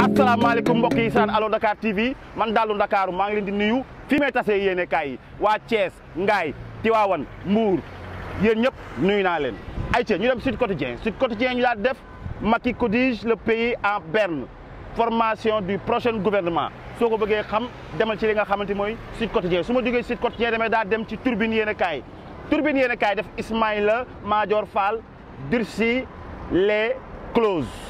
assalamu mbokk yi saan allo Dakar TV man Dallou dakar ma ngi len di nuyu fi may tassé yéene kaay yi Thiès Ngaye Tivaouane Mbour yéen ñep nuyu len ay ayca ñu dem Sud Quotidien Sud Quotidien ñu daal def Macky codige le pays en berne formation du prochain gouvernement soko bëggé xam demal ci li nga xamante moy Sud Quotidien suma duggé jógee Sud Quotidien damay da dem ci turbine yéene turbine yéene def Ismaïla Madior Fall dursi les clauses.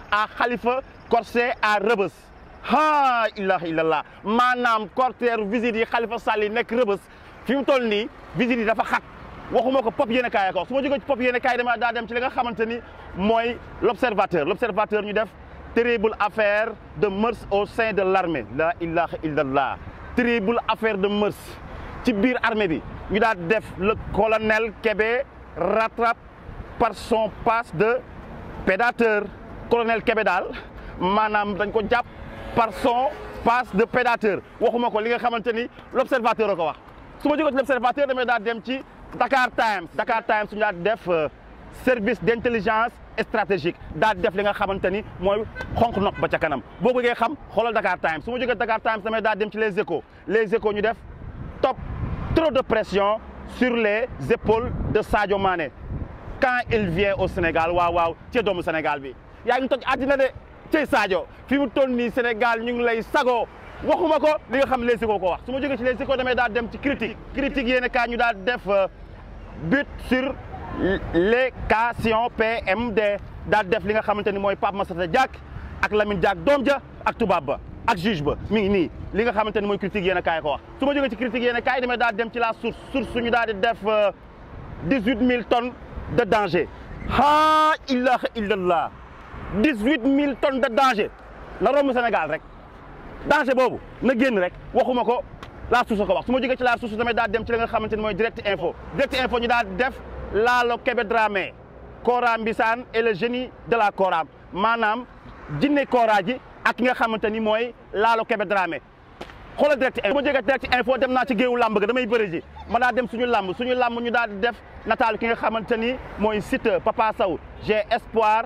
à Khalifa Corsé à Rebeuss ha ilah illallah Manam cortège visite yi Khalifa Sali nek nekk Rebeuss fi toll nii visite dafa xat waxuma ko pop yéen a ko su ma ci pop yéen a dama da dem ci li nga xamanteni ni l'observateur l'observateur ñu def terrible affaire de mœurs au sein de l'armée la ilah illallah terrible affaire de mœurs ci biir armée bi ñu da def le colonel Kébé rattrape par son passe de prédateur colonel Kebedal, daal dañ ko japp par son passe de prédateur waxuma ko li nga xamanteni l'observateur ko wax suma ma l'observateur ci da dem ci Dakar Times Dakar Times suñu daal def euh, service d'intelligence stratégique da def li nga xamanteni moy mooy nok ba ca kanam bo bëggee xam xolal Dakar Times suma ma Dakar Times damay da dem ci les échos les échos ñu def top trop de pression sur les épaules de Sadio Mané quand il vient au Sénégal waaw waaw ci doomu Sénégal bi yaa toj adina de cey Sadio fi mu toll nii Sénégal ñu ngi lay sago waxuma ko li nga xam Les Échos ko wax suma joge ci Les Échos damay daal dem ci critique critique yéen kaa ñu da def euh, but sur l'équation PMD da def li nga xamanteni moy pap massa Massata Diack ak Lamine Diack dom ja ak tubaab ba ak juge ba mi ni li nga xamanteni moy critique yéen kay ko wax suma joge ci critique yéen kay demé da dem ci la source source ñu da di def 18000 euh, tonnes de danger ha illa illallah 18 000 tonnes de danger La Rome Sénégal rek danger bobu, ne génn rek waxuma la source ko ma la source dem ci la nga direct info direct info ñu da def lo drame. bisan et le génie de la Kora Manam, jinne Kora ak nga la lo drame direct info ma jógee direct info dem na ci ga damay dem suñu def Papa saou. j'ai espoir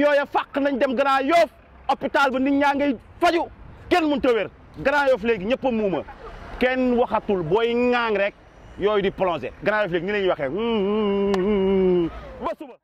yooya fàq nañ dem Grand Yoff hôpital ba nit ñaa ngay faju kenn mënut a wér Grand Yoff léegi ñëpp muuma kenn waxatul booy ŋaang rek yooyu di plongé Grand Yoff léegi ni la ñuy waxee ba